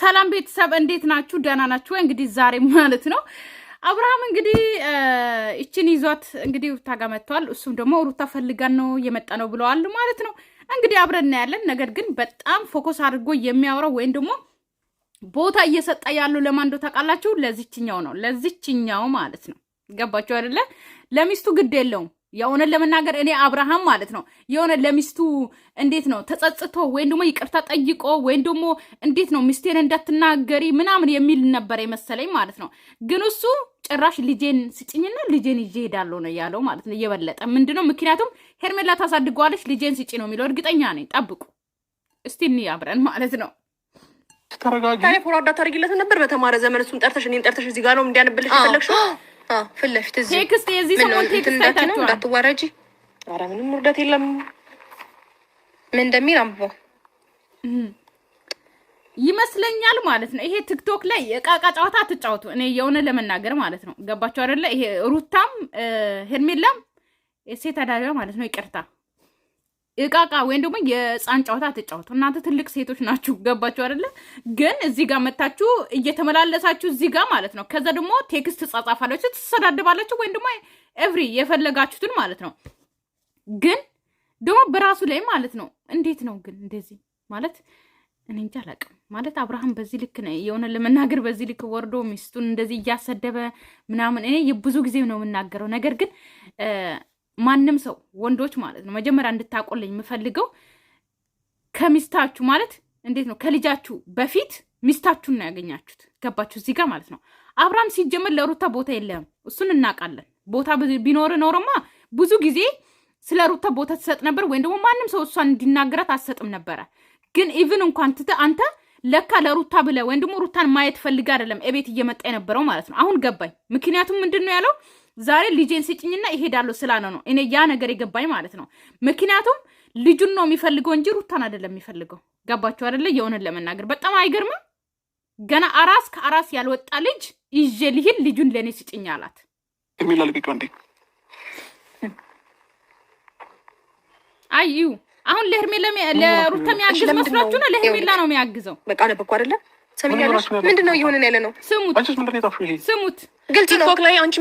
ሰላም ቤተሰብ እንዴት ናችሁ? ደህና ናችሁ ወይ? እንግዲህ ዛሬ ማለት ነው አብርሃም እንግዲህ እችን ይዟት እንግዲህ ሩታ ጋር መጥተዋል። እሱም ደግሞ ሩታ ፈልጋን ነው የመጣ ነው ብለዋል ማለት ነው። እንግዲህ አብረን እናያለን። ነገር ግን በጣም ፎከስ አድርጎ የሚያወራው ወይም ደግሞ ቦታ እየሰጠ ያለው ለማንዶ ታውቃላችሁ? ለዚችኛው ነው ለዚችኛው ማለት ነው። ገባችሁ አይደለ? ለሚስቱ ግድ የለውም የእውነት ለመናገር እኔ አብርሃም ማለት ነው የሆነ ለሚስቱ እንዴት ነው ተጸጽቶ ወይም ደግሞ ይቅርታ ጠይቆ ወይም ደግሞ እንዴት ነው ሚስቴን እንዳትናገሪ ምናምን የሚል ነበር የመሰለኝ ማለት ነው። ግን እሱ ጭራሽ ልጄን ስጭኝና ልጄን ይዤ እሄዳለሁ ነው ያለው ማለት ነው። እየበለጠ ምንድነው ምክንያቱም ሄርሜላ ታሳድገዋለች፣ ልጄን ስጪ ነው የሚለው። እርግጠኛ ነኝ። ጠብቁ እስቲ እንያብረን ማለት ነው። ተረጋጊ። ፎርዋርድ ታደርጊለት ነበር በተማረ ዘመን። እሱን ጠርተሽ እኔን ጠርተሽ እዚህ ጋር ነው እንዲያነብልሽ የፈለግሽው ፊት ለፊት ቴክስት የዚህ ሰሞን ቴክስት አይታችኋል። እንዳትዋረጂ። ኧረ ምንም ውርደት የለም። ምን እንደሚል አንብበው ይመስለኛል ማለት ነው። ይሄ ቲክቶክ ላይ የቃቃ ጨዋታ አትጫወቱ። እኔ የሆነ ለመናገር ማለት ነው ገባቸው አይደለ? ይሄ ሩታም ሄርሜላም ሴት አዳሪዋ ማለት ነው። ይቅርታ እቃቃ ወይም ደግሞ የህፃን ጨዋታ ትጫወቱ እናንተ ትልቅ ሴቶች ናችሁ። ገባችሁ አይደለ? ግን እዚህ ጋር መታችሁ እየተመላለሳችሁ እዚህ ጋር ማለት ነው። ከዛ ደግሞ ቴክስት ጻጻፋላችሁ፣ ትሰዳድባላችሁ፣ ወይም ደግሞ ኤቭሪ የፈለጋችሁትን ማለት ነው። ግን ደግሞ በራሱ ላይ ማለት ነው። እንዴት ነው ግን እንደዚህ ማለት እኔ እንጂ አላውቅም። ማለት አብርሃም በዚህ ልክ ነው የሆነ ለመናገር በዚህ ልክ ወርዶ ሚስቱን እንደዚህ እያሰደበ ምናምን እኔ ብዙ ጊዜ ነው የምናገረው ነገር ግን ማንም ሰው ወንዶች ማለት ነው መጀመሪያ እንድታቆልኝ የምፈልገው ከሚስታችሁ ማለት እንዴት ነው ከልጃችሁ በፊት ሚስታችሁን ነው ያገኛችሁት። ገባችሁ? እዚህ ጋር ማለት ነው አብርሃም ሲጀመር ለሩታ ቦታ የለም። እሱን እናውቃለን። ቦታ ቢኖር ኖርማ ብዙ ጊዜ ስለ ሩታ ቦታ ትሰጥ ነበር፣ ወይም ደግሞ ማንም ሰው እሷን እንዲናገራት አትሰጥም ነበረ። ግን ኢቭን እንኳን ትተ አንተ ለካ ለሩታ ብለ ወይም ደግሞ ሩታን ማየት ፈልግ አይደለም እቤት እየመጣ የነበረው ማለት ነው። አሁን ገባኝ። ምክንያቱም ምንድን ነው ያለው ዛሬ ልጄን ስጭኝና ይሄዳለሁ ስላለ ነው እኔ ያ ነገር የገባኝ ማለት ነው። ምክንያቱም ልጁን ነው የሚፈልገው እንጂ ሩታን አይደለም የሚፈልገው። ገባችሁ አይደለ? የሆነን ለመናገር በጣም አይገርምም? ገና አራስ ከአራስ ያልወጣ ልጅ ይዤ ልሂድ ልጁን ለእኔ ስጭኝ አላት። አይ አሁን ለሩታ የሚያግዝ መስሏችሁ ነው? ለሄርሜላ ነው የሚያግዘው። በቃ ነበኩ አይደለም ሰሚያለሽ ምንድን ነው እየሆንን ያለ ነው? ስሙት፣ ግልጽ ነው። ላይ አንቺ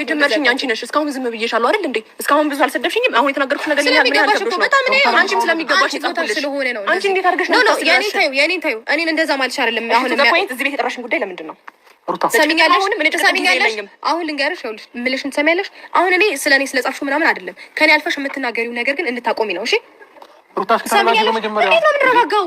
የጀመርሽኝ አንቺ ነሽ። እስካሁን ዝም ብዬሻለሁ አይደል እንዴ? እስካሁን ብዙ አልሰደብሽኝም። አሁን የተናገርኩት ነገር አንቺም ነው። እኔን እንደዛ ማለትሽ አይደለም። አሁን እዚህ ቤት ጉዳይ ለምንድን ነው? አሁን ልንገርሽ፣ ይኸውልሽ የምልሽን ትሰሚያለሽ። አሁን እኔ ስለ እኔ ምናምን አይደለም ከኔ አልፈሽ የምትናገሪው ነገር ግን እንድታቆሚ ነው እሺ? ነው የምንረጋጋው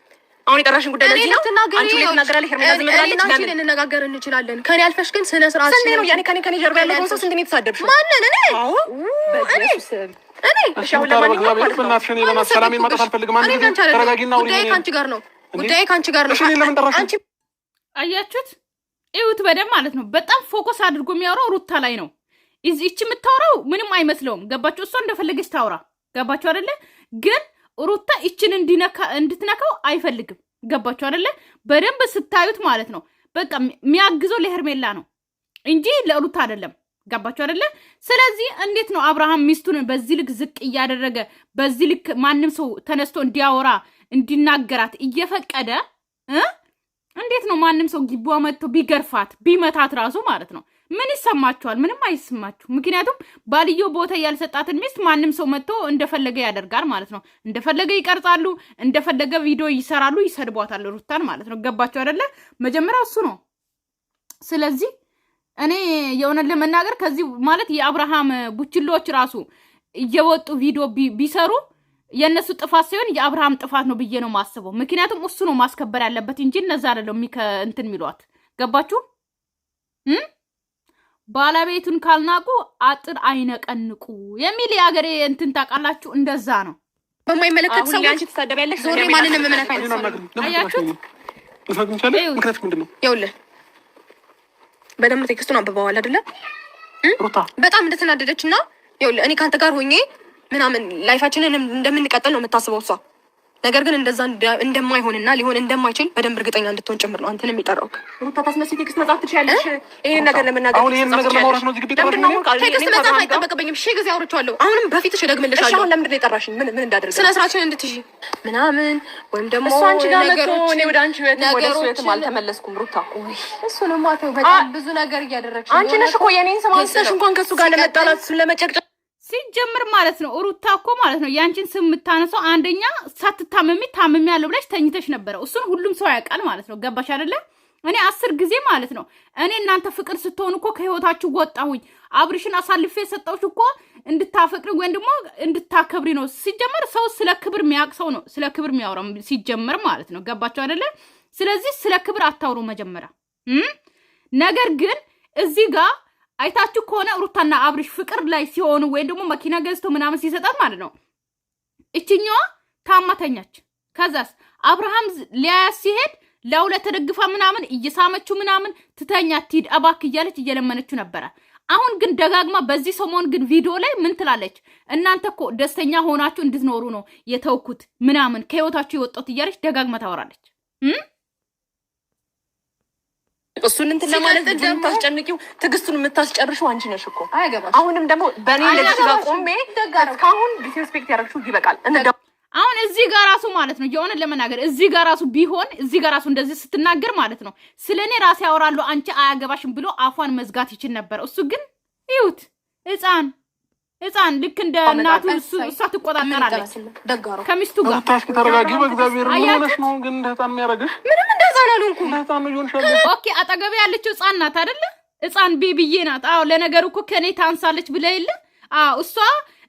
አሁን የጠራሽን ጉዳይ ለዚህ ነው። አንቺ ልትናገራለሽ ሄርሜላ ዝም ብላለች። አንቺ ልንነጋገር እንችላለን። ከኔ አልፈሽ ግን ስነ ስርዓት ስንት ነው? ያኔ ከኔ ከኔ ጀርባ ያለው ሰው ስንት ነው የተሳደብሽው? ማንን? እኔ አዎ እኔ እኔ እሺ። አሁን ለማንኛውም በእናትሽ እኔ ሰላሜን ማጣት አልፈልግም። አንቺ ተረጋጊና አውሪ። ጉዳይ ከአንቺ ጋር ነው። ጉዳይ ከአንቺ ጋር ነው። እሺ ለምን ጠራሽ? አንቺ አያችሁት? እዩት በደምብ ማለት ነው። በጣም ፎከስ አድርጎ የሚያወራው ሩታ ላይ ነው። እዚህ እቺ የምታወራው ምንም አይመስለውም። ገባችሁ? እሷ እንደፈለገች ታውራ። ገባችሁ አይደለ ግን ሩታ ይችን እንድትነካው አይፈልግም። ገባችሁ አደለ? በደንብ ስታዩት ማለት ነው። በቃ የሚያግዘው ለሄርሜላ ነው እንጂ ለሩታ አይደለም። ገባችሁ አደለ? ስለዚህ እንዴት ነው አብርሃም ሚስቱን በዚህ ልክ ዝቅ እያደረገ በዚህ ልክ ማንም ሰው ተነስቶ እንዲያወራ እንዲናገራት እየፈቀደ እንዴት ነው ማንም ሰው ጊቧ መጥቶ ቢገርፋት ቢመታት ራሱ ማለት ነው ምን ይሰማችኋል? ምንም አይሰማችሁ። ምክንያቱም ባልዮ ቦታ ያልሰጣትን ሚስት ማንም ሰው መጥቶ እንደፈለገ ያደርጋል ማለት ነው። እንደፈለገ ይቀርጻሉ፣ እንደፈለገ ቪዲዮ ይሰራሉ፣ ይሰድቧታል ሩታን ማለት ነው። ገባችሁ አይደለ? መጀመሪያ እሱ ነው። ስለዚህ እኔ የእውነት ለመናገር ከዚህ ማለት የአብርሃም ቡችሎች ራሱ እየወጡ ቪዲዮ ቢሰሩ የእነሱ ጥፋት ሳይሆን የአብርሃም ጥፋት ነው ብዬ ነው ማስበው ምክንያቱም እሱ ነው ማስከበር ያለበት እንጂ እነዛ አደለው እንትን የሚሏት ገባችሁ? ባለቤቱን ካልናቁ አጥር አይነቀንቁ የሚል የአገሬ እንትን ታውቃላችሁ። እንደዛ ነው። በማይመለከት ሰዎች ትሳደቢያለሽ። ዞሬ ማንንም እምነት አያችሁት። በደንብ ቴክስቱን አንብበዋል አይደለ? በጣም እንደተናደደች እና እኔ ከአንተ ጋር ሆኜ ምናምን ላይፋችንን እንደምንቀጥል ነው የምታስበው እሷ ነገር ግን እንደዛ እንደማይሆንና ሊሆን እንደማይችል በደንብ እርግጠኛ እንድትሆን ጭምር ነው አንተን የሚጠራው። ሩታ ታስመስል ቴክስት መጻፍ ትችያለሽ። ይህን ነገር ለመናገር አሁን ቴክስት መጻፍ አይጠበቅብኝም። ሺህ ጊዜ አውርቼዋለሁ። አሁንም በፊትሽ እደግምልሻለሁ። አሁን ለምንድን ነው የጠራሽኝ? ምን ምን እንዳደርግ ስነ ስርዓትሽን እንድትይ ምናምን ወይም ደግሞ እሱ አንቺ ጋር መጥቶ እኔ ወደ አንቺ ቤት ወደ እሱ ቤትም አልተመለስኩም። ሩታ ቆይ እሱንማ ተው፣ በጣም ብዙ ነገር እያደረግሽ አንቺ ነሽ እኮ የኔን ስም አንስተሽ እንኳን ከእሱ ጋር ለመጣላት ለመጨቅጨቅ ሲጀምር ማለት ነው ሩታ እኮ ማለት ነው ያንቺን ስም የምታነሳው አንደኛ ሳትታመሚ ታመሚ ያለው ብለሽ ተኝተሽ ነበረ። እሱን ሁሉም ሰው ያውቃል ማለት ነው። ገባሽ አይደለም። እኔ አስር ጊዜ ማለት ነው እኔ እናንተ ፍቅር ስትሆኑ እኮ ከህይወታችሁ ወጣሁኝ። አብርሽን አሳልፌ የሰጠሁሽ እኮ እንድታፈቅሪ ወይም ደግሞ እንድታከብሪ ነው። ሲጀመር ሰው ስለ ክብር የሚያውቅ ሰው ነው ስለ ክብር የሚያወራው ሲጀመር ማለት ነው። ገባቸው አይደለም። ስለዚህ ስለ ክብር አታውሩ መጀመሪያ ነገር ግን እዚህ ጋር አይታችሁ ከሆነ ሩታና አብርሽ ፍቅር ላይ ሲሆኑ ወይም ደግሞ መኪና ገዝቶ ምናምን ሲሰጣት ማለት ነው እችኛዋ ታማተኛች። ከዛስ አብርሃም ሊያያት ሲሄድ ለውለ ተደግፋ ምናምን እየሳመችው ምናምን ትተኛ ትሂድ እባክህ እያለች እየለመነችው ነበረ። አሁን ግን ደጋግማ በዚህ ሰሞን ግን ቪዲዮ ላይ ምን ትላለች? እናንተ እኮ ደስተኛ ሆናችሁ እንድትኖሩ ነው የተውኩት ምናምን ከህይወታችሁ የወጣሁት እያለች ደጋግማ ታወራለች። እሱን እንትን ለማለት የምታስጨንቂው ትግስቱን የምታስጨርሹ አንቺ ነሽ እኮ አይገባሽ። አሁንም ደግሞ በእኔ ልጅ ጋር ቆሜ እስካሁን ዲስፔክት ያደረግሽው ይበቃል። አሁን እዚህ ጋር ራሱ ማለት ነው የሆነ ለመናገር እዚህ ጋር ራሱ ቢሆን እዚህ ጋር ራሱ እንደዚህ ስትናገር ማለት ነው ስለ እኔ ራሴ ያወራለሁ አንቺ አያገባሽም ብሎ አፏን መዝጋት ይችል ነበር። እሱ ግን ይዩት ህፃን ህፃን ልክ እንደ እናቱ እሷ ትቆጣጠራለች ከሚስቱ ጋር። ተረጋጊ በእግዚአብሔር ነው ግን እንደ ህፃን ምንም ህፃን ኦኬ አጠገቤ ያለችው ህፃን ናት አደለ? ህፃን ቤቢዬ ናት። አዎ ለነገሩ እኮ ከእኔ ታንሳለች ብለ የለ? አዎ እሷ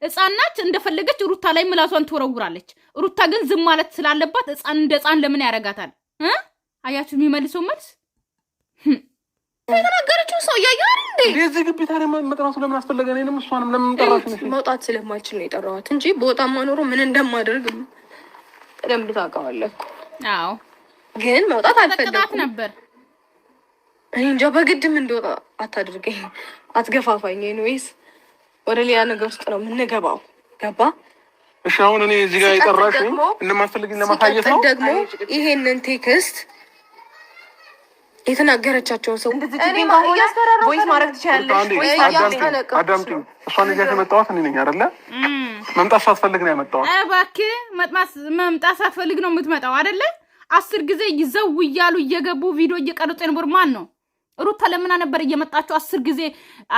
ህፃን ናች። እንደፈለገች ሩታ ላይ ምላሷን ትወረውራለች። ሩታ ግን ዝም ማለት ስላለባት ህፃን እንደ ህፃን ለምን ያደርጋታል? አያችሁ የሚመልሰው መልስ የተናገረችው ሰው እያየ እንዴ የዚህ ግቢ ታዲያ መጥራቱ ለምን አስፈለገ? እኔንም እሷንም ለምን ጠራሽ? መውጣት ስለማልችል ነው የጠራኋት እንጂ በወጣማ ኖሮ ምን እንደማደርግ ቀደም ብለህ እኮ። አዎ፣ ግን መውጣት አልፈለኩም ነበር። እኔ እንጃ በግድም እንደወጣ አታድርገኝ፣ አትገፋፋኝ። ኤኒዌይስ ወደ ሌላ ነገር ውስጥ ነው የምንገባው። ገባ? እሺ። አሁን እኔ እዚህ ጋር የጠራሽ እንደማትፈልጊኝ ለማሳየት ነው ደግሞ ይሄንን ቴክስት የተናገረቻቸውን ሰው ቮይስ ማድረግ ትችላለች። አዳምጪኝ። እሷን እዚያ ከመጣኋት እኔ ነኝ አይደለ? መምጣት ሳትፈልግ ነው ያመጣኋት። እባክህ መምጣት ሳትፈልግ ነው የምትመጣው አይደለ? አስር ጊዜ ይዘው እያሉ እየገቡ ቪዲዮ እየቀረጹ የነበሩ ማን ነው? ሩታ ለምና ነበር እየመጣችሁ አስር ጊዜ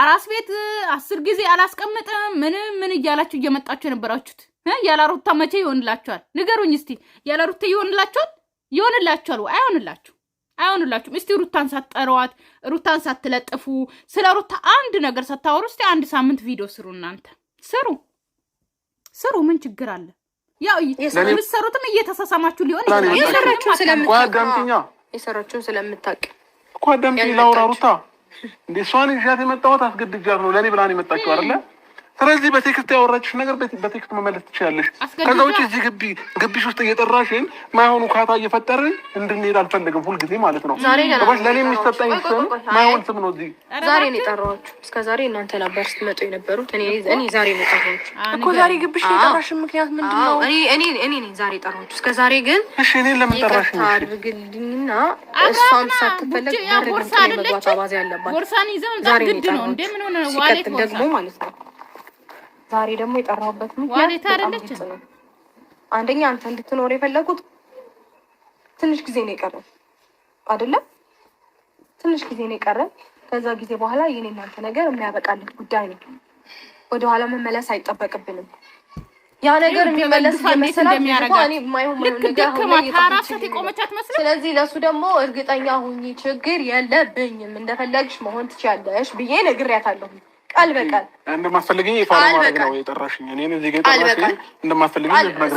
አራስ ቤት አስር ጊዜ አላስቀምጥም ምንም ምን እያላችሁ እየመጣችሁ የነበራችሁት? ያለ ሩታ መቼ ይሆንላችኋል? ንገሩኝ እስቲ። ያለ ሩታ ይሆንላችኋል? ይሆንላችኋል አይሆንላችሁ? አይሆንላችሁም። እስቲ ሩታን ሳትጠሯት፣ ሩታን ሳትለጥፉ፣ ስለ ሩታ አንድ ነገር ሳታወሩ እስቲ አንድ ሳምንት ቪዲዮ ስሩ። እናንተ ስሩ ስሩ፣ ምን ችግር አለ? ያው የምትሰሩትም እየተሳሳማችሁ ሊሆን ይችላል። የሰራችሁን ስለምታውቅ እኮ አዳምጪኝ ላውራ። ሩታ እንደ እሷን ይዣት የመጣሁት አስገድጃት ነው። ለእኔ ብላን ነው የመጣችው አይደለ ስለዚህ በቴክስት ያወራችሽ ነገር በቴክስት መመለስ ትችላለሽ። ከዛ ውጭ እዚህ ግቢ ግቢሽ ውስጥ እየጠራሽን ማይሆኑ ካታ እየፈጠርን እንድንሄድ አልፈልግም። ሁልጊዜ ማለት ነው። ለእኔ የሚሰጠኝ ስም ማይሆን ስም ነው። እዚህ ዛሬ ነው የጠራኋችሁ። እስከ ዛሬ እናንተ ነበር ስትመጡ የነበሩት። እኔ ዛሬ ነው የጠራኋችሁ እኮ። ዛሬ ግቢሽ የጠራሽን ምክንያት ምንድን ነው? እኔ ነኝ ዛሬ የጠራኋችሁ። እስከ ዛሬ ግን እሺ፣ እኔን ለምን ጠራሽ? አድርግልኝና እሷም ሳትፈለግ በር ድምፅ መግባት አባዜ ያለባት ዛሬ ነው የጠራሁት። ዋሌት ደግሞ ማለት ነው ዛሬ ደግሞ የጠራሁበት ምክንያት አንደኛ አንተ እንድትኖር የፈለጉት ትንሽ ጊዜ ነው የቀረ አይደለም? ትንሽ ጊዜ ነው የቀረ። ከዛ ጊዜ በኋላ የኔ እናንተ ነገር የሚያበቃለት ጉዳይ ነው። ወደኋላ መመለስ አይጠበቅብንም። ያ ነገር የሚመለስ ስለዚህ ለሱ ደግሞ እርግጠኛ ሁኚ፣ ችግር የለብኝም እንደፈለግሽ መሆን ትችያለሽ ብዬ ነግሬያታለሁ። ቃል በቃል ማድረግ ነው የጠራሽኝ። እኔን እዚህ ጋር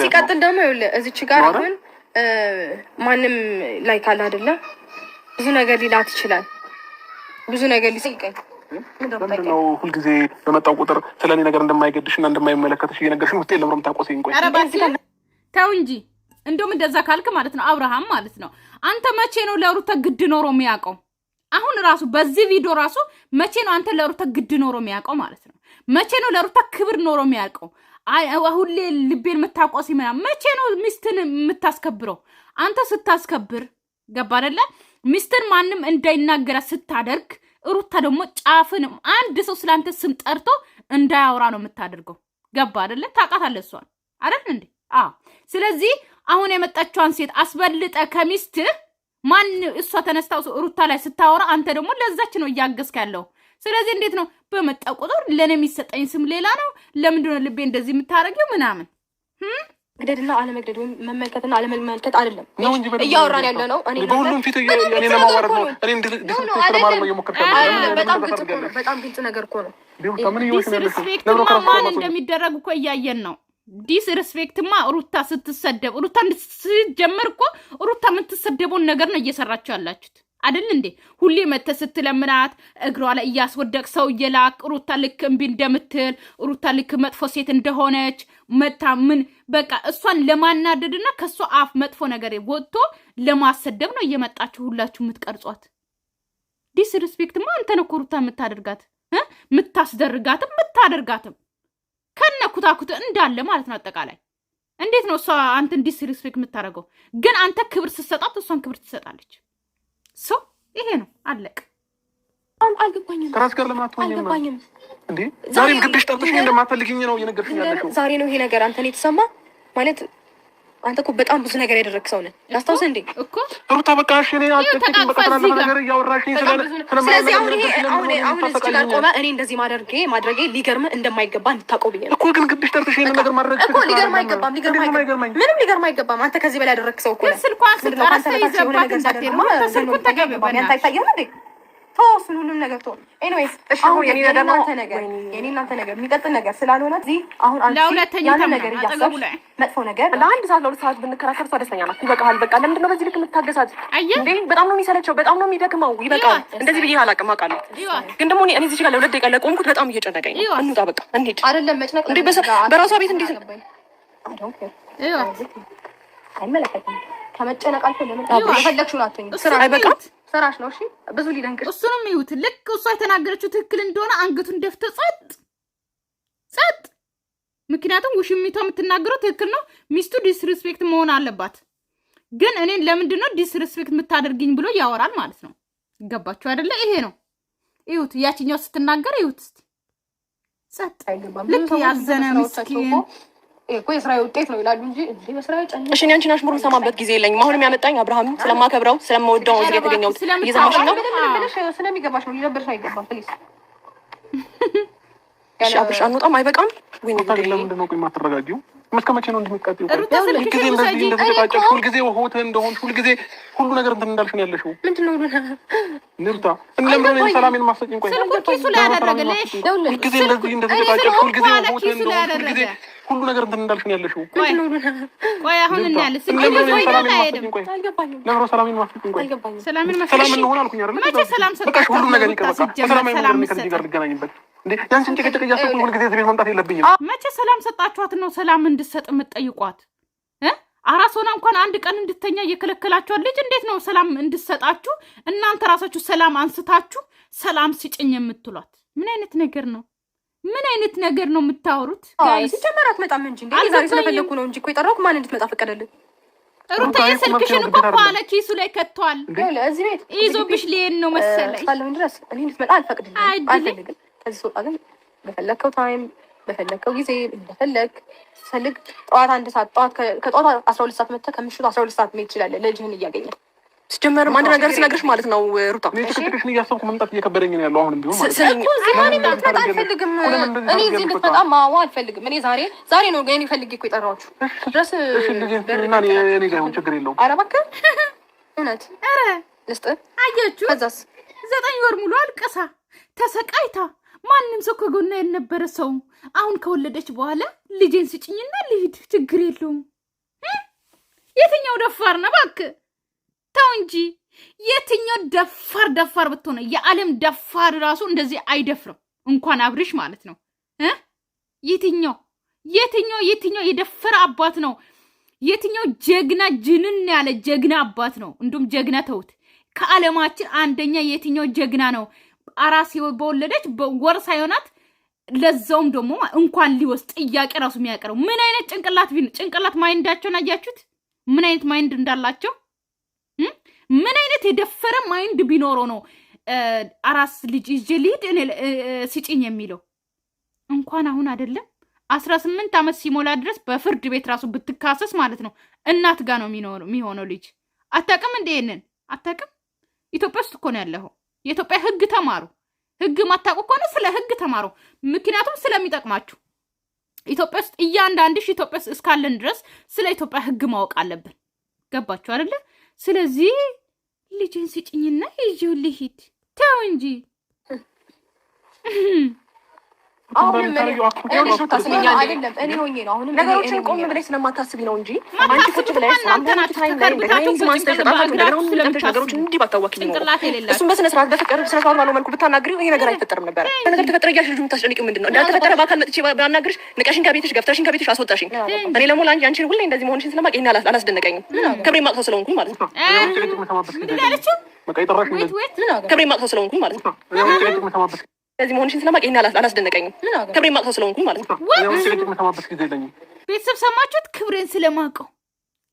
ሲቀጥል ደግሞ ይኸውልህ እዚች ጋር አሁን ማንም ላይ ካለ አይደለ ብዙ ነገር ሊላት ይችላል። ብዙ ነገር ሊሰይቀኝ ምንድነው ሁልጊዜ በመጣው ቁጥር ስለ እኔ ነገር እንደማይገድሽ እና እንደማይመለከትሽ ውስጤ ለምረም ታቆሰኝ። ቆይ ተው እንጂ እንደውም እንደዛ ካልክ ማለት ነው አብርሃም ማለት ነው አንተ መቼ ነው ግድ ኖሮ የሚያውቀው አሁን ራሱ በዚህ ቪዲዮ ራሱ መቼ ነው አንተ ለሩታ ግድ ኖሮ የሚያውቀው ማለት ነው? መቼ ነው ለሩታ ክብር ኖሮ የሚያውቀው? ሁሌ ልቤን የምታቆሲ ምናምን መቼ ነው ሚስትን የምታስከብረው? አንተ ስታስከብር ገባ አደለ? ሚስትን ማንም እንዳይናገረ ስታደርግ፣ ሩታ ደግሞ ጫፍን አንድ ሰው ስለአንተ ስም ጠርቶ እንዳያወራ ነው የምታደርገው። ገባ አደለ? ታውቃታለህ እሷን አይደል እንዴ? ስለዚህ አሁን የመጣችዋን ሴት አስበልጠ ከሚስትህ ማን እሷ ተነስታ ሩታ ላይ ስታወራ አንተ ደግሞ ለዛች ነው እያገዝክ ያለው። ስለዚህ እንዴት ነው በመጣ ቁጥር ለእኔ የሚሰጠኝ ስም ሌላ ነው። ለምንድነው ልቤ እንደዚህ የምታደርጊው ምናምን መግደድና አለመግደድ ወይም መመልከትና አለመመልከት አይደለም እያወራን ያለ ነው። በሁሉም ፊት በጣም ግልጽ ነገር እኮ ነው። ዲስሪስፔክት ማን እንደሚደረግ እኮ እያየን ነው። ዲስሬስፔክትማ ሩታ ስትሰደብ ሩታ ስትጀመር እኮ ሩታ የምትሰደበውን ነገር ነው እየሰራችሁ ያላችሁት አይደል እንዴ? ሁሌ መተ ስትለምናት እግሯ ላይ እያስወደቅ ሰው እየላክ ሩታ ልክ እምቢ እንደምትል ሩታ ልክ መጥፎ ሴት እንደሆነች መታ ምን በቃ እሷን ለማናደድና ከእሷ አፍ መጥፎ ነገር ወጥቶ ለማሰደብ ነው እየመጣችሁ ሁላችሁ የምትቀርጿት። ዲስሬስፔክትማ አንተ ነው እኮ ሩታ የምታደርጋት ምታስደርጋትም ምታደርጋትም ከነ ኩታኩት እንዳለ ማለት ነው። አጠቃላይ እንዴት ነው እሷ አንተን ዲስሪስፔክት የምታደርገው? ግን አንተ ክብር ስትሰጣት እሷን ክብር ትሰጣለች። ሰው ይሄ ነው አለቅ አልገባኝም። ጋር ለማትሆኝም ዛሬም ግድሽ ጠርጥሽ እንደማትፈልግኝ ነው እየነገርሽኝ ያለሽው። ዛሬ ነው ይሄ ነገር አንተን የተሰማ ማለት አንተ እኮ በጣም ብዙ ነገር ያደረግ ሰው ነህ። ላስታውስ እንዴ እኮ ሩታ በቃ እሺ፣ እኔ ነገር እያወራሽ ስለዚህ አሁን ይሄ አሁን አሁን እዚህ ጋር ቆመ እኔ እንደዚህ ማድረጌ ማድረጌ ሊገርም እንደማይገባ እንድታውቀው ብዬ ነው እኮ። ግን ግድሽ ጠርተሽ ይሄን ነገር ማድረግ እኮ ሊገርም አይገባም፣ ሊገርም አይገባም፣ ምንም ሊገርም አይገባም። አንተ ከዚህ በላይ ያደረግ ሰው እኮ ነህ። ስልኳን ስልኳን ተይዘባት እንዳትሄድ ነው ስልኩን ተገቢ ባንተ አይታየም እንዴ ተወሱን ሁሉም ነገር ተወው። ኤኒዌይስ እሺ፣ አሁን የኔ ነገር የኔ እናንተ ነገር የሚቀጥል ነገር ስላልሆነ እዚህ አሁን አንቺ ያንን ነገር እያሰብሽ መጥፎ ነገር ለአንድ ሰዓት ለሁለት ሰዓት ብንከራከር እሷ ደስተኛ ናት። ይበቃሃል፣ በቃ ለምንድን ነው በዚህ ልክ የምታገሳት እንዴ? በጣም ነው የሚሰለቸው፣ በጣም ነው የሚደክመው። ይበቃል። እንደዚህ ብዬሽ አላውቅም አውቃለሁ፣ ግን ደግሞ እኔ እዚህ ጋር ለሁለት ደቂቃ ለቆምኩት በጣም እየጨነቀኝ ነው። እንውጣ፣ በቃ እንሂድ። አይደለም መጭነቅ እንዴ! በራሷ ቤት እንዴት ነው አይመለከትም። ከመጨነቅ አልፎ ለምን የፈለግሽውን አትሆኝም። ስራ አይበቃት ስራሽ ነው። እሺ ብዙ ሊደንቅሽ እሱንም ይዩት። ልክ እሷ የተናገረችው ትክክል እንደሆነ አንገቱን ደፍተ ጸጥ ጸጥ። ምክንያቱም ውሽሚቷ የምትናገረው ትክክል ነው። ሚስቱ ዲስሪስፔክት መሆን አለባት። ግን እኔን ለምንድን ነው ዲስሪስፔክት የምታደርግኝ ብሎ ያወራል ማለት ነው። ገባችሁ አይደለ? ይሄ ነው። ይዩት፣ ያችኛው ስትናገር ይዩት። ጸጥ አይገባም። ልክ ያዘነ ምስኪን እኮ የስራዬ ውጤት ነው ይላሉ እንጂ እንዴ በስራዬ ጨንቄ። እሺ እኔ አንቺን አሽሙር ሰማበት ጊዜ የለኝም። አሁንም ያመጣኝ አብርሃም ስለማከብረው ስለማወደው ነው የተገኘሁት እየሰማሽ ነው። ስለሚገባሽ ነው። ሊደብርሽ አይገባም። ፕሊስ እሺ አብርሽ አንወጣም። አይበቃም ወይ ነው ታዲያ? ለምንድን ነው ቆይ የማትረጋጊው? እስከ መቼ ነው እንደምትቃጥዩ? ሁልጊዜ እንደዚህ እንደተጨቃጨቅ፣ ሁልጊዜ ሆተ እንደሆን፣ ሁልጊዜ ሁሉ ነገር እንትን እንዳልሽ ነው ያለሽው። ምንድን ነው ንርታ እንደምን ነው ሰላሜን ማሰጭኝ? ቆይ ሁልጊዜ እንደዚህ እንደተጨቃጨቅ፣ ሁልጊዜ ሆተ እንደሆን፣ ሁልጊዜ ሁሉ ነገር እንትን እንዳልሽ ነው ያለሽው። ቆይ አሁን እናያለን። ሁሉም ነገር ሰላምን እንገናኝበት። ያንቺን ጭቅጭቅ እያሰብኩኝ ሁልጊዜ እዚህ ቤት መምጣት የለብኝም። መቼ ሰላም ሰጣችኋት ነው ሰላም እንድትሰጥ የምትጠይቋት? አራስ ሆና እንኳን አንድ ቀን እንድተኛ እየከለከላችኋት ልጅ እንዴት ነው ሰላም እንድትሰጣችሁ? እናንተ ራሳችሁ ሰላም አንስታችሁ ሰላም ሲጭኝ የምትሏት ምን አይነት ነገር ነው? ምን አይነት ነገር ነው የምታወሩት? ሲጀመር አትመጣም እንጂ እንዴ ዛሬ ስለፈለግኩ ነው እንጂ እኮ የጠራሁት ማን እንድትመጣ ፈቀደልን? ሩታ የስልክሽን እኮ ከኋላ ኪሱ ላይ ከቷል። እዚህ ቤት ይዞብሽ ሊሄድ ነው መሰለኝ። ድረስ እኔ እንድትመጣ አልፈቅድልም አልፈልግም። ከዚህ ስወጣ ግን በፈለግከው ታይም በፈለግከው ጊዜ እንደፈለግ ፈልግ። ጠዋት አንድ ሰዓት ጠዋት ከጠዋት አስራ ሁለት ሰዓት መጥተህ ከምሽቱ አስራ ሁለት ሰዓት መሄድ ትችላለህ። ለልጅህን እያገኘህ ሲጀመርም አንድ ነገር ስነግርሽ ማለት ነው ሩታ ትክትሽ እያሰብኩ መምጣት እየከበደኝ ነው ያለው። አሁንም ቢሆን እዚህ አልፈልግም። እኔ እዚህ እንድትመጣ ማዋ አልፈልግም። እኔ ዛሬ ዛሬ ነው እኔ ፈልጌ እኮ የጠራኋችሁ ድረስ ችግር የለውም። ኧረ እባክህ እውነት ልስጥ አያችሁ። ከዛስ ዘጠኝ ወር ሙሉ አልቀሳ ተሰቃይታ ማንም ሰው ከጎና የነበረ ሰው አሁን ከወለደች በኋላ ልጄን ስጭኝና ልሂድ ችግር የለውም። የትኛው ደፋር ነው እባክህ ተው እንጂ የትኛው ደፋር ደፋር ብትሆነ የዓለም ደፋር ራሱ እንደዚህ አይደፍርም። እንኳን አብርሽ ማለት ነው። የትኛው የትኛው የትኛው የደፈረ አባት ነው? የትኛው ጀግና ጅንን ያለ ጀግና አባት ነው? እንዲሁም ጀግና ተውት። ከዓለማችን አንደኛ የትኛው ጀግና ነው? አራስ በወለደች ወር ሳይሆናት ለዛውም ደግሞ እንኳን ሊወስድ ጥያቄ ራሱ የሚያቀረው ምን አይነት ጭንቅላት ጭንቅላት ማይንዳቸውን አያችሁት? ምን አይነት ማይንድ እንዳላቸው ምን አይነት የደፈረ ማይንድ ቢኖረው ነው አራስ ልጅ ይዤ ልሂድ ስጭኝ የሚለው? እንኳን አሁን አይደለም አስራ ስምንት ዓመት ሲሞላ ድረስ በፍርድ ቤት ራሱ ብትካሰስ ማለት ነው እናት ጋ ነው የሚሆነው ልጅ። አታውቅም እንደ ይሄንን አታውቅም። ኢትዮጵያ ውስጥ እኮ ነው ያለው። የኢትዮጵያ ህግ ተማሩ። ህግ ማታውቁ ከሆነ ስለ ህግ ተማሩ። ምክንያቱም ስለሚጠቅማችሁ ኢትዮጵያ ውስጥ እያንዳንድሽ ኢትዮጵያ ውስጥ እስካለን ድረስ ስለ ኢትዮጵያ ህግ ማወቅ አለብን። ገባችሁ አይደለ? ስለዚህ ልጅን ስጭኝና ይዤው ልሂድ። ተው እንጂ ነገሮችን ቆም ብለሽ ስለማታስቢ ነው እንጂ አንቺ ቁጭ ብለሽ በስነ ስርዓት በፍቅር ስነ ስርዓት ባለው መልኩ ብታናግሪው ይሄ ነገር አይፈጠርም ነበረ። ነገር ተፈጠረ እያልሽ ልጁ የምታስጨንቂው ምንድን ነው? እንዳልተፈጠረ በአካል መጥቼ ባናግርሽ ንቀሽን ከቤትሽ ገፍተሽን ከቤትሽ አስወጣሽኝ። እኔ ደግሞ ለአንቺ አንቺን ሁሌ እንደዚህ መሆንሽን ስለማውቅ ይሄን አላስደነቀኝም። ክብሬ ማቅሰው ስለሆንኩኝ ማለት ነው። ክብሬ ማቅሰው ስለሆንኩኝ ማለት ነው። ከዚህ መሆንሽን ስለማቅ ይሄን አላስደነቀኝም። ክብሬን ማቅሰው ስለሆንኩ ማለት ቤተሰብ ሰማችሁት? ክብሬን ስለማቀው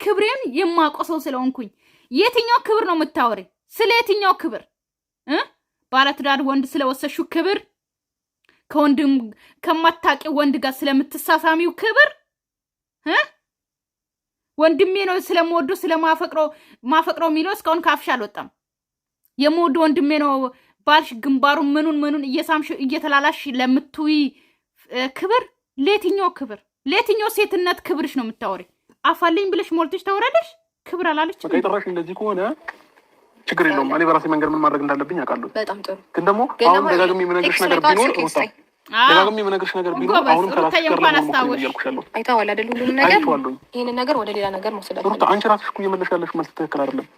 ክብሬን የማቀው ሰው ስለሆንኩኝ የትኛው ክብር ነው የምታወሪ? ስለ የትኛው ክብር? ባለትዳር ወንድ ስለወሰሹ ክብር፣ ከወንድም ከማታቂ ወንድ ጋር ስለምትሳሳሚው ክብር፣ ወንድሜ ነው ስለምወዱ ስለማፈቅረው ማፈቅረው የሚለው እስካሁን ካፍሽ አልወጣም። የምወዱ ወንድሜ ነው ባልሽ ግንባሩን ምኑን ምኑን እየሳምሽ እየተላላሽ ለምትይ ክብር ለየትኛው ክብር ለየትኛው ሴትነት ክብርሽ ነው የምታወሪ? አፋልኝ ብለሽ ሞልተሽ ታወራለሽ። ክብር አላለች ጠራሽ። እንደዚህ ከሆነ ችግር የለውም። እኔ በራሴ መንገድ ምን ማድረግ እንዳለብኝ አውቃለሁ። በጣም ጥሩ። ግን ደግሞ አሁን ደጋግሜ የምነግርሽ ነገር ቢኖር ደጋግሜ የምነግርሽ ነገር ቢኖር አሁንም ከራስሽ ጋር ለመሞከር አይደል? ሁሉንም ነገር ይህንን ነገር ወደ ሌላ ነገር መውሰድ አንቺ ራስሽ እኮ እየመለሽ ያለሽ መልስ ትክክል አይደለም።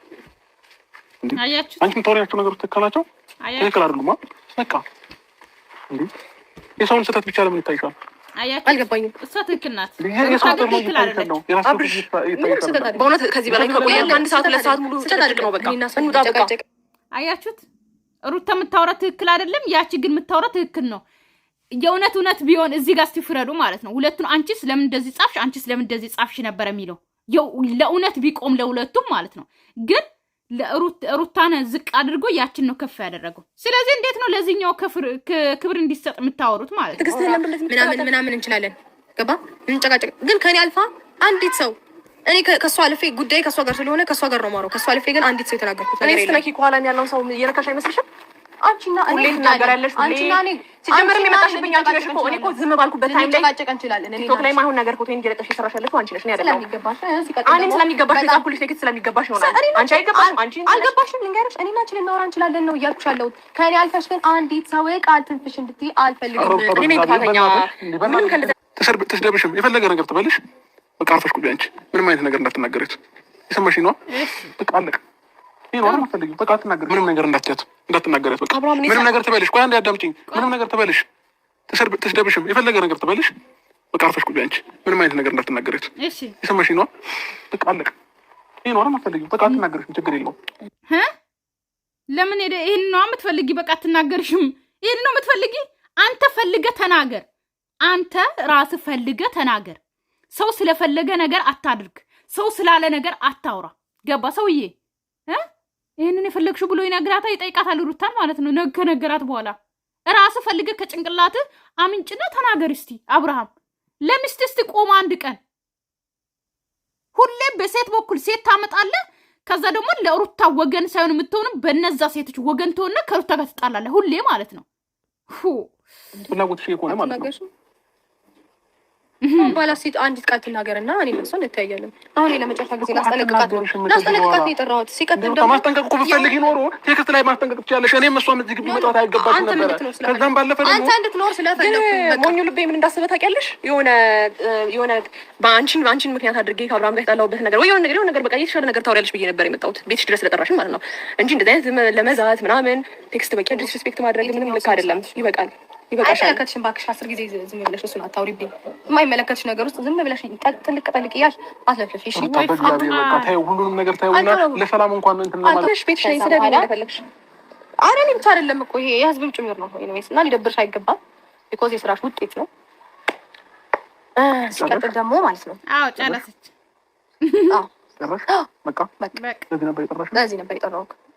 አንቺ የምታወሪያቸው ነገሮች ትክክል ናቸው። ትክክል አይደሉማ። በቃ እንዴ የሰውን ስህተት ብቻ ለምን ይታይሻል? አያችሁት፣ ሩታ የምታወራ ትክክል አይደለም። ያቺ ግን የምታወራ ትክክል ነው። የእውነት እውነት ቢሆን እዚህ ጋር ማለት ነው። ሁለቱን አንቺስ ለምን እንደዚህ ጻፍሽ፣ አንቺስ ለምን እንደዚህ ጻፍሽ ነበር የሚለው ለእውነት ቢቆም ለሁለቱም ማለት ነው ግን ሩታን ዝቅ አድርጎ ያችን ነው ከፍ ያደረገው። ስለዚህ እንዴት ነው ለዚህኛው ክብር እንዲሰጥ የምታወሩት ማለት ነው? ምናምን ምናምን እንችላለን ገባ እንጨቃጨቅ፣ ግን ከኔ አልፋ አንዲት ሰው እኔ ከእሷ አልፌ ጉዳይ ከእሷ ጋር ስለሆነ ከእሷ ጋር ነው ማረው። ከእሷ አልፌ ግን አንዲት ሰው የተናገርኩት እኔ ስትነኪ ከኋላ ያለውን ሰው የረካሽ አይመስልሽም? አንቺና እኔ ትናገራለሽ። አንቺና እኔ ሲጀምር የመጣሽብኝ አንቺ ነሽ እኮ። እኔ እኮ ዝም ላይ እንችላለን። ቲክቶክ ላይ ማይሆን ነገር ኮቴን የሰራሽ አንቺ ነሽ። ስለሚገባሽ እኔም ስለሚገባሽ የጻፍኩልሽ ቴክስት ስለሚገባሽ አንቺ አይገባሽም። አንቺ አልገባሽም። ልንገርሽ፣ እኔና አንቺ ልናወራ እንችላለን ነው እያልኩሽ ያለሁት። ከእኔ አልፈሽ ግን አንዲት ሰው ቃል ትንፍሽ እንድትይ አልፈልግም። የፈለገ ነገር ትበልሽ፣ በቃ አርፈሽ ቁጭ። አንቺ ምንም አይነት ነገር ነዋ። በቃ አለቀ። ነው አልፈልግም። በቃ አትናገር ምንም ነገር እንዳትያት እንዳትናገረት ምንም ነገር ትበልሽ። ቆይ አንዴ አዳምጪኝ። ምንም ነገር ትበልሽ፣ ትስደብሽም፣ የፈለገ ነገር ትበልሽ። በቃ አርፈሽ ቁጭ አንቺ። ምንም አይነት ነገር እንዳትናገረት የሰማሽ ነዋ። በቃ አለቅ። ይህ ነው አልፈልግም። በቃ አትናገርሽም፣ ችግር የለውም። ለምን ሄደ? ይህን ነው የምትፈልጊ? በቃ አትናገርሽም። ይህን ነው የምትፈልጊ? አንተ ፈልገ ተናገር። አንተ ራስ ፈልገ ተናገር። ሰው ስለፈለገ ነገር አታድርግ። ሰው ስላለ ነገር አታውራ። ገባ ሰውዬ? ይህንን የፈለግሽው ብሎ ይነግራታ ይጠይቃታል። ሩታን ማለት ነው ከነገራት በኋላ ራስ ፈልገ ከጭንቅላት አምንጭና ተናገር እስቲ አብርሃም ለሚስት እስቲ ቆመ አንድ ቀን ሁሌም በሴት በኩል ሴት ታመጣለ። ከዛ ደግሞ ለሩታ ወገን ሳይሆን የምትሆንም በነዛ ሴቶች ወገን ትሆንና ከሩታ ጋር ትጣላለ። ሁሌ ማለት ነው ፍላጎት ሆነ ማለት ነው ባላ ሴት አንዲት ቃል ትናገር እና እኔ ለሷ እንተያያለን። አሁን ለመጨረሻ ጊዜ ላስጠነቅቃት ነው ላስጠነቅቃት ነው የጠራሁት። ሲቀጥል ደግሞ ማስጠንቀቅ እኮ ብትፈልጊ ኖሮ ቴክስት ላይ ማስጠንቀቅ ትችያለሽ። እኔም እሷም እዚህ ግቢ መጣት አይገባሽም ነበረ። ከዛም ባለፈ ደግሞ አንተ እንድትኖር ስለፈለኩ ሞኙ ልቤ ምን እንዳሰበ ታውቂያለሽ? የሆነ የሆነ በአንቺን አንቺን ምክንያት አድርጌ ከአብርሃም ጋር የተጣላሁበት ነገር ወይ የሆነ ነገር የሆነ ነገር በቃ የተሻለ ነገር ታወሪያለሽ ብዬ ነበር የመጣሁት ቤትሽ ድረስ ስለጠራሽ ማለት ነው እንጂ እንደዚህ አይነት ለመዛት ምናምን ቴክስት በቂ ዲስሪስፔክት ማድረግ ምንም ልክ አይደለም። ይበቃል። አይመለከትሽም እባክሽ። አስር ጊዜ ዝም ብለሽ እሱን አታውሪብኝ። የማይመለከትሽ ነገር ውስጥ ዝም ብለሽ ጥልቅ ጥልቅ እያልሽ አትለፍለፊ። ሁሉንም ነገር ታይውና ለሰላም እንኳን ቤትሽ ላይ ስደግ ለፈለግሽ። አረ እኔ ብቻ አይደለም እኮ ይሄ የህዝብም ጭምር ነው። ኤኒዌይስ እና ሊደብርሽ አይገባም። ቢኮዝ የስራሽ ውጤት ነው። ሲቀጥል ደግሞ ማለት ነው። አዎ ጨረሰች። በቃ በቃ። ለዚህ ነበር የጠራሁት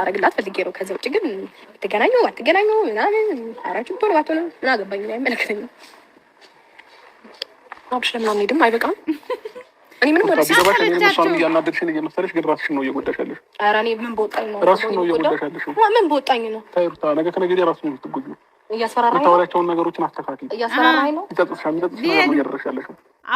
አረግላት ፈልጌ ነው። ከዚህ ውጭ ግን ትገናኙ አትገናኙ ምናምን አራችሁ ብትሆኑ ባትሆኑ ምን አገባኝ፣ አይመለከተኝም። አብሽ ለምን አንሄድም? አይበቃም? እኔ ምንም ወደ እያናደድሽን እየመሰለሽ ግን ራስሽን ነው እየጎዳሽ ያለሽ። ኧረ እኔ ምን በወጣኝ ነው ራስሽን ነው እየጎዳሽ ያለሽ። ምን በወጣኝ ነው ታይሩታ፣ ነገ ከነገ ወዲያ ራስሽን ነው የምትጎጂው። የምታወሪያቸውን ነገሮችን አስተካክል። እያሰራራኝ ነው። ይጠጥስሻል። የሚጠጥስሽ ነገር እያደረግሽ ያለሽ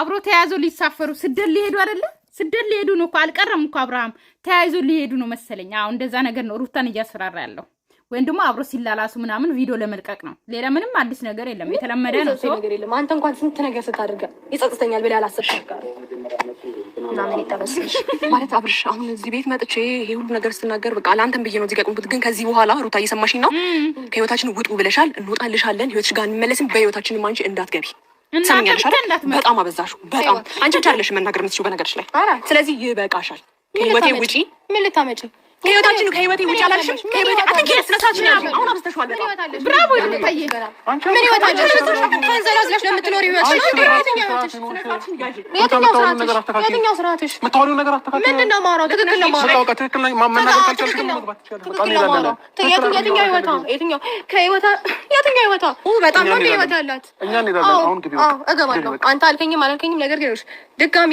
አብሮ ተያያዘው ሊሳፈሩ ስደት ሊሄዱ አይደለ ስደት ሊሄዱ ነው እኮ አልቀረም እኮ አብርሃም ተያይዞ ሊሄዱ ነው መሰለኝ። አሁ እንደዛ ነገር ነው ሩታን እያስፈራራ ያለው ወይም ደግሞ አብሮ ሲላላሱ ምናምን ቪዲዮ ለመልቀቅ ነው። ሌላ ምንም አዲስ ነገር የለም፣ የተለመደ ነው። ነገር የለም። አንተ እንኳን ስንት ነገር ስታደርገ ይጸጥተኛል ብላ ላሰብሽጋር ማለት አብርሽ፣ አሁን እዚህ ቤት መጥቼ ይሄ ሁሉ ነገር ስናገር በቃ ለአንተን ብዬ ነው እዚህ ቀቁምኩት። ግን ከዚህ በኋላ ሩታ እየሰማሽኝ ነው? ከህይወታችን ውጡ ብለሻል፣ እንወጣልሻለን። ህይወትሽ ጋር እንመለስም። በህይወታችን አንቺ እንዳትገቢ ሰምኛልሽ በጣም አበዛሹ። በጣም አንቺ ብቻ አይደለሽም መናገር የምትችይው በነገርሽ ላይ። ስለዚህ ይበቃሻል። ከህይወቴ ውጪ ምን ልታመጪ ከህይወታችን ከህይወቴ ውጭ አላልሽም። ከህይወቴ አትንኪ። ስነ ስርዓት ነው ያለው። አሁን አብስተሽዋል። ብራቮ ምን ህይወታችን ተንዘላዝለሽ ነው ስርዓትሽ? ነገር ምንድን ነው የማወራው? ትክክል ነው የማወራው። ትክክል ነው ነው ትክክል ነው የማወራው። የትኛው የትኛው የትኛው ከህይወታ በጣም ነው ይወታ ያላት። አንተ አልከኝም አላልከኝም ነገር ግን ድጋሚ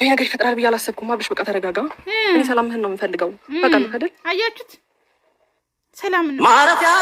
ይሄ ነገር ይፈጥራል ብዬ አላሰብኩም። አብርሽ በቃ ተረጋጋ። እኔ ሰላምህን ነው የምፈልገው። በቃ አያችሁት፣ ሰላም ነው ማረፊያ